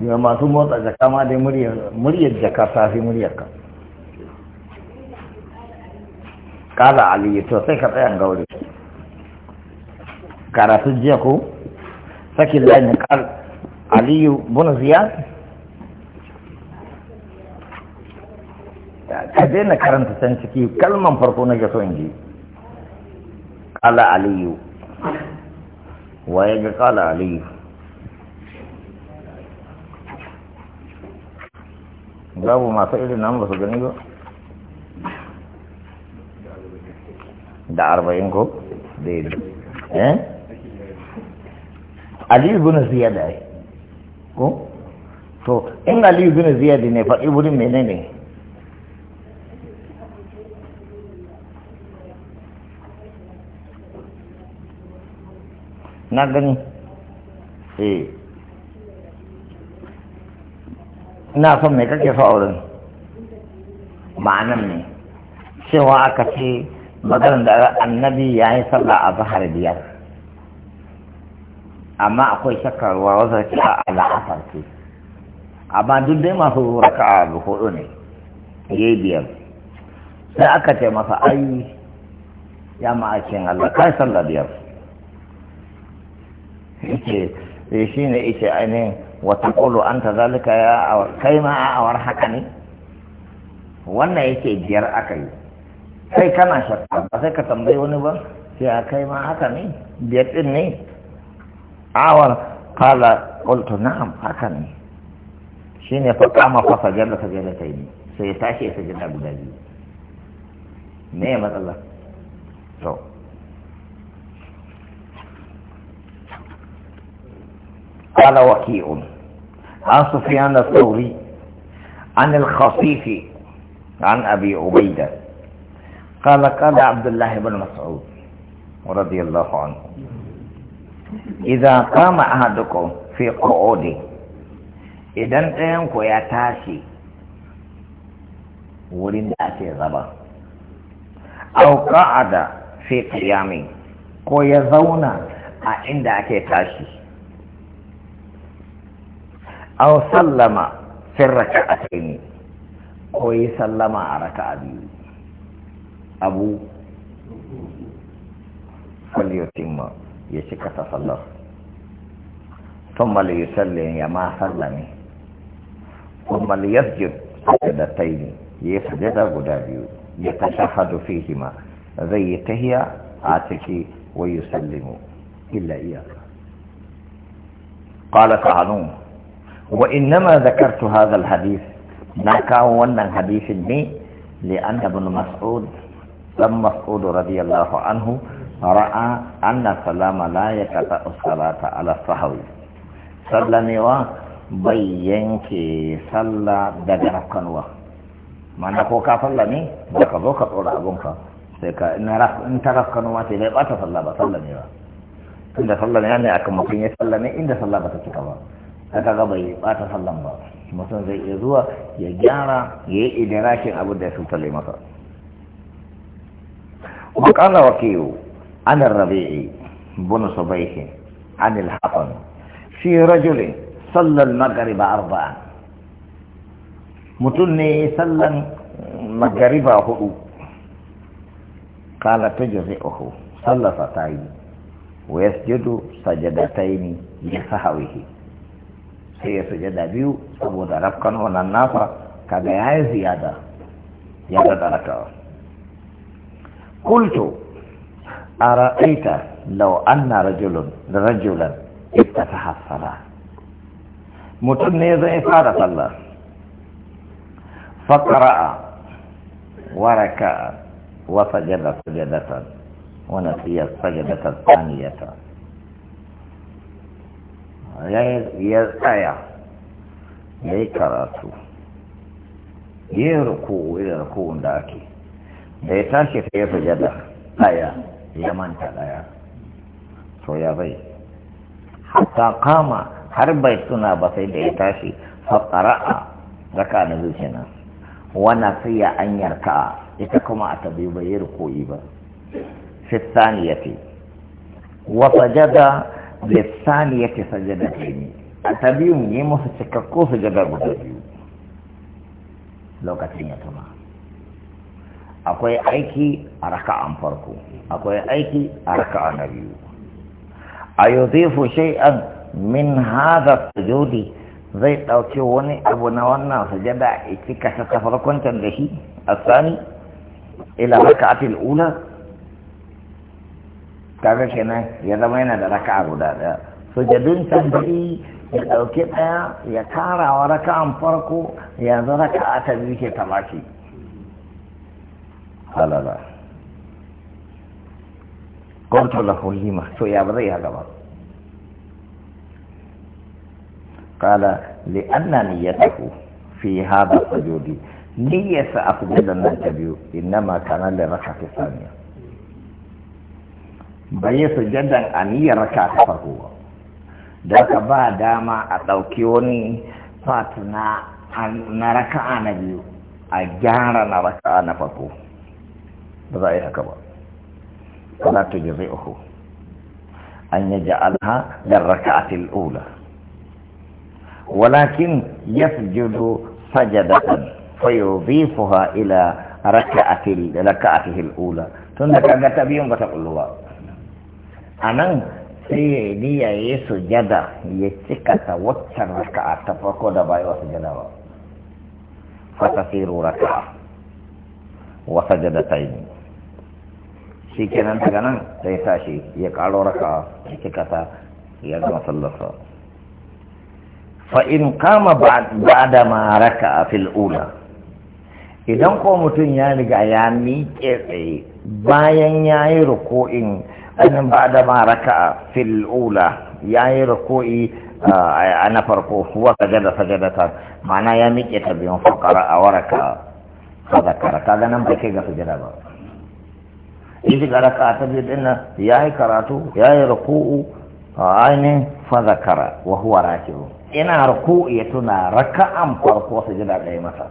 yau masu motsa jaka ma dai muryar jaka ta fi muryar ka kala aliyu to sai ka tsayan gauri karatun jiya ko sakin layin kar aliyu bunu ziyar ka daina karanta can ciki kalman farko na so in ji kala aliyu waye ga kala aliyu babu masu irin nan ba su gani ba da arba'in ko daidai eh aliyu bin ziyada ko to in aliyu bin da ne faɗi wurin menene ne na gani eh ina son mai kake so auren ma'anan ne cewa aka ce maganar da annabi ya yi sallah a zahar biyar amma akwai shakarwa wasu ce a la'afar ce amma duk dai masu raka'a a hudu ne ya yi biyar sai aka ce masa ayi ya ma'akin Allah kai sallah biyar yake eh, shi ne ita ainihin wata ƙulu an ta zalika ya kai ma a awar haka ne wannan yake biyar aka yi sai kana shakka ba sai ka tambayi wani ba sai a kai ma haka ne biyar ɗin ne awar kala ƙultu na'am haka ne shi ne fa kama fa fajar da fajar da kai ne sai ya tashi ya fajar da guda biyu me matsala to قال وكيء عن سفيان الثوري عن الخصيف عن أبي عبيدة قال قال عبد الله بن مسعود رضي الله عنه إذا قام أحدكم في قعوده إذا ɗayanku ya tashi wurin da ake zaba au qa'ada fi qiyami ko ya zauna a inda ake tashi او سلم في الركعتين او يسلم على ركعتين ابو فليتم يشك تصلف ثم ليسلم يا ما سلم ثم ليسجد سجدتين يسجد غدابيو يتشهد فيهما زي تهيا عاتكي ويسلم الا اياك قال تعالوا وإنما ذكرت هذا الحديث نكاو ونن حديث ني لأن ابن mas'ud, لما مسعود radiyallahu anhu, عنه رأى أن السلام لا يقطع الصلاة على Sallamewa سلموا بينك salla daga و mana ko ka sallame da ka zo ka tsora ka, sai ka in ta rafkanuwa sai bai bata salla ba sallame ne akan mutum ya sallame inda salla ba ta cika ba aka ga bai bata sallan ba mutum zai iya zuwa ya gyara ya yi idirakin abin da ya sutale masa وقال وكيو عن الربيع بن صبيح عن الحسن في رجل صلى المغرب أربعا متني صلى المغرب هدو قال تجزئه صلى فتاين ويسجد سجدتين لسهوه هي سجدة بيو أبو دربقن ولا النافع كبيعي زيادة يادة دركة قلت أرأيت لو أن رجل رجلا افتتح الصلاة متنيز إفادة الله فقرأ وركع وسجد سجدة ونسي السجدة الثانية ya tsaya ya yi karatu yi ruku irin rukun da ake da ya tashi ta ya da ɗaya ya manta ɗaya to ya bai hatta kama har bai suna ba sai da ya tashi faƙara'a zaka na nan. wana sai ya an yarka ita kuma a tabi bai yi ruku'i ba fi fi wa jada lissaniyati sajadatayn a ta biyu yi masa cikakko sujada guda biyu lokacin ya tuna akwai aiki a an farko akwai aiki a raka an biyu a fushe an min haza sujudi zai dauke wani abu na wannan sujada ita, cika ta farkon da shi asani ila raka'atil ula kaga kenan ya zama yana da raka'a guda daya sujadun tambayi ya ɗauki ɗaya ya karawa raka'an farko yanzu raka'a ta biyu ke tamaki halala kwanto la hulima to ya ba zai yi haka ba kala li ya niyyatahu fi hada sujudi niyyasa a sujudan nan ta biyu innama kana li raka'ati saniya bai yi sujjadan aniyar raka ta farko da ka ba dama a ɗauki wani fat na raka raka'a na biyu a gyara na raka'a na farko ba za a yi haka ba wala ta zai uku an yi ja'alha dan raka'atil ula walakin ya yasjudu sajadatan fayudhifuha ila raka a al-ula da kaga ta biyun ba ta kullu ba a nan sai ya yi niyya ya sujada ya cika ta waccan raka'a ta farko da bayi wasu jada ba Fata fatasiru raka'a wasa jada ta yi shi kenan daga nan sai tashi ya karo raka'a ya cika ta ya gama sallarsa fa'in kama ba da maraka a fil'ula ula idan ko mutum ya riga ya miƙe tsaye bayan ya yi ruko'in an ba da ma raka'a fil yayi ruku'i a na farko huwa sajada sajadata ma'ana ya miƙe ta biyun fakara a waraka sadakara kaga nan ba kai ga sajada ba in ga raka'a ta biyu din nan yayi karatu yayi ruku'u ainihin fazakara wa huwa ina ruku'u ya tuna raka'an farko sajada ɗaya masa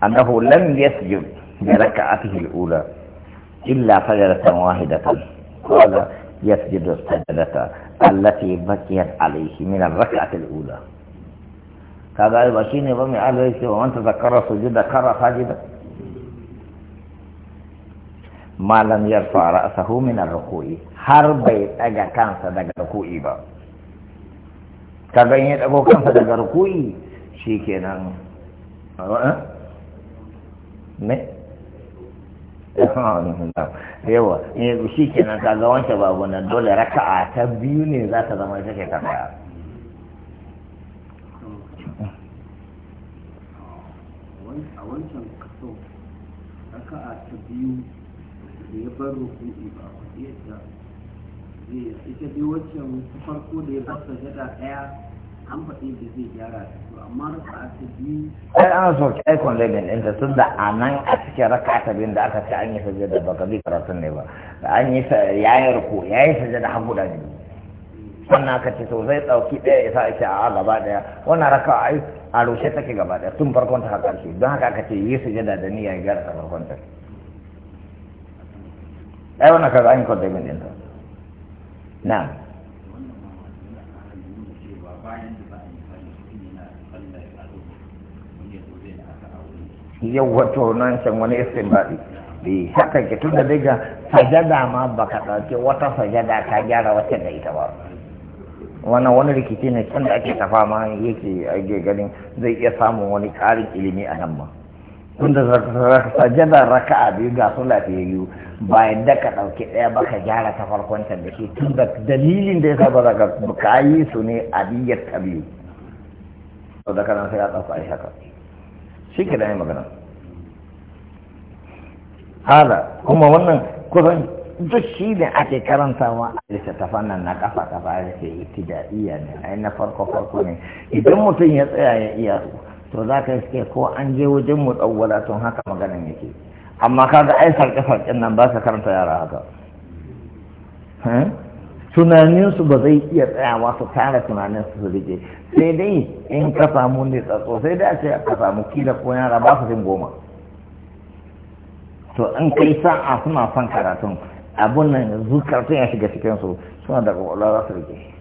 annahu lam yasjud إلا فجرة واحدة قال يسجد السجدة التي بكيت عليه من الركعة الأولى هذا أيضا شيني بمي قال ليس ومن تذكر سجد كرة ساجدا ما لم يرفع رأسه من الركوع حرب أجا كان صدق ركوع با كبين أبو كان صدق ركوعي شيكنا أه؟ yawa ne shi kenan ka ga wanke babu nan dole raka'a ta biyu ne za ta zama ita ke ta daya a wancan kaso raka'a ta biyu da ya bar ruku'i ba a ita dai wancan farko da ya bar sajada daya an faɗi da zai gyara ta amma raka ta biyu ai ana so kai kon legan din ta tunda nan a cikin raka ta biyu da aka ce an yi sajada baka zai karatun ne ba da an yi yayin ruku yayin sajada har guda biyu sannan aka ce to zai ɗauki ɗaya ya sa ce a gaba ɗaya wannan raka ai a rushe take gaba ɗaya tun farkon ta har ƙarshe don haka aka ce yi sujada da niyya ya gyara ta farkon ta ai wannan kaza an yi kon legan ta na'am yau wato nan can wani istinbadi bi haka ke tunda daga sajada ma baka ɗauke wata sajada ta gyara wacce da ita ba wannan wani rikici ne can da ake tafa ma yake ake ganin zai iya samun wani ƙarin ilimi a nan ma tunda raka raka'a biyu ga sun lafiyayyu bayan da ka ɗauki ɗaya ba ka gyara ta farkon can da ke tun da dalilin da ya saba daga ka yi su ne a biyar ta biyu to da kana sai ya ɗauka a shaka shi ke da magana hala kuma wannan kusan duk shi ne ake ma a ta fannin na kafa kafa ya ce ibtida'iyya ne ai na farko farko ne idan mutum ya tsaya ya iya su to za ka iske ko an je wajen mu tsawwala tun haka maganan yake amma kaga ai sarƙe-sarƙen nan ba ka karanta yara haka tunaninsu ba zai iya tsayawa su tara tunanin su rike sai dai in ka samu ne tsatso sai dai a ce ka samu kila ko yara ba su fin goma to in kai sa'a suna son karatun abun nan zukartun ya shiga cikinsu suna da ƙwaƙwalwa za su rike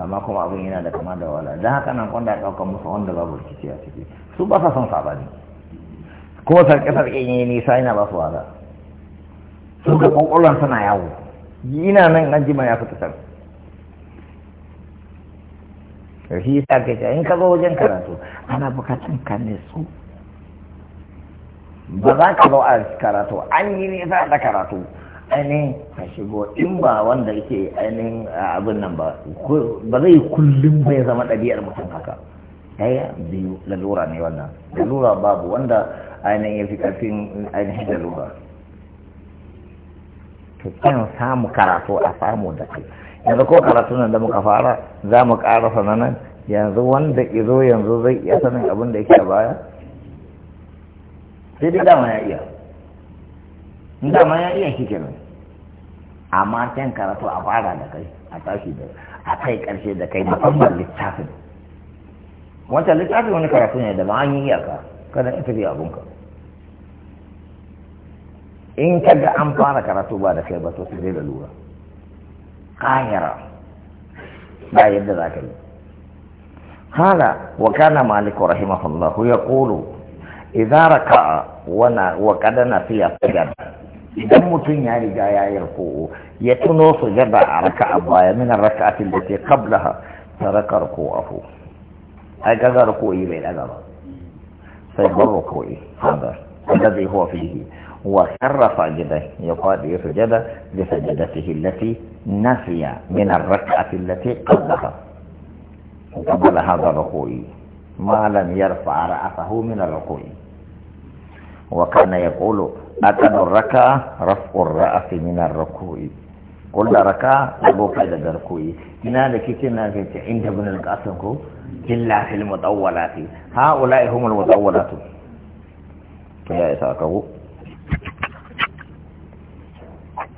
amma kuma abin yana da kama da wala don haka nan kwanda ɗaukar musu wanda babu rikici a ciki su ba sa son sabani ko sarke sarƙe yi nisa yana ba su wahala su ga ƙwaƙwalwan suna yawo ina nan an jima ya fita can shi sa ke in ka zo wajen karatu ana bukatun ka ne su ba za ka zo a karatu an yi nisa da karatu ainihin ka shigo in ba wanda yake ainihin abin nan ba ba zai kullum bai zama ɗabi'ar mutum haka ɗaya biyu lalura ne wannan lalura babu wanda ainihin ya fi ƙarfin ainihin lalura to kyan samu karatu a samu da kai yanzu ko karatu nan da muka fara za mu ƙara sananan yanzu wanda izo yanzu zai iya sanin abin da yake a baya sai dai dama ya iya dama ya iya shi kenan amma can karatu a fara da kai a tashi da a kai karshe da kai musamman littafin wancan littafin wani karatu ne da ba an yi iyaka kada in tafi abun ka. in ka ga an fara karatu ba da kai ba to sai da lura kahira ba yadda za ka yi hala wa kana maliku rahimahullahu ya kulu idza raka'a wa qad nasiya sajada إذا مطين يعني جاي يرفعه يتنوص جبع ركعة من الركعة التي قبلها ترك ركوعه أجد ركوعي بين أدرا فيبر ركوعي هذا الذي هو فيه وخر فاجده يقاضي سجده لسجدته التي نسي من الركعة التي قبلها قبل هذا الركوعي ما لم يرفع رأسه من الركوعي وكان يقول أتن الركعة رفع الرأس من الركوع كل ركعة أبو قيد الركوع هنا لكيتنا عند ابن القاسم إلا في المطولات هؤلاء هم المطولات يا إساقه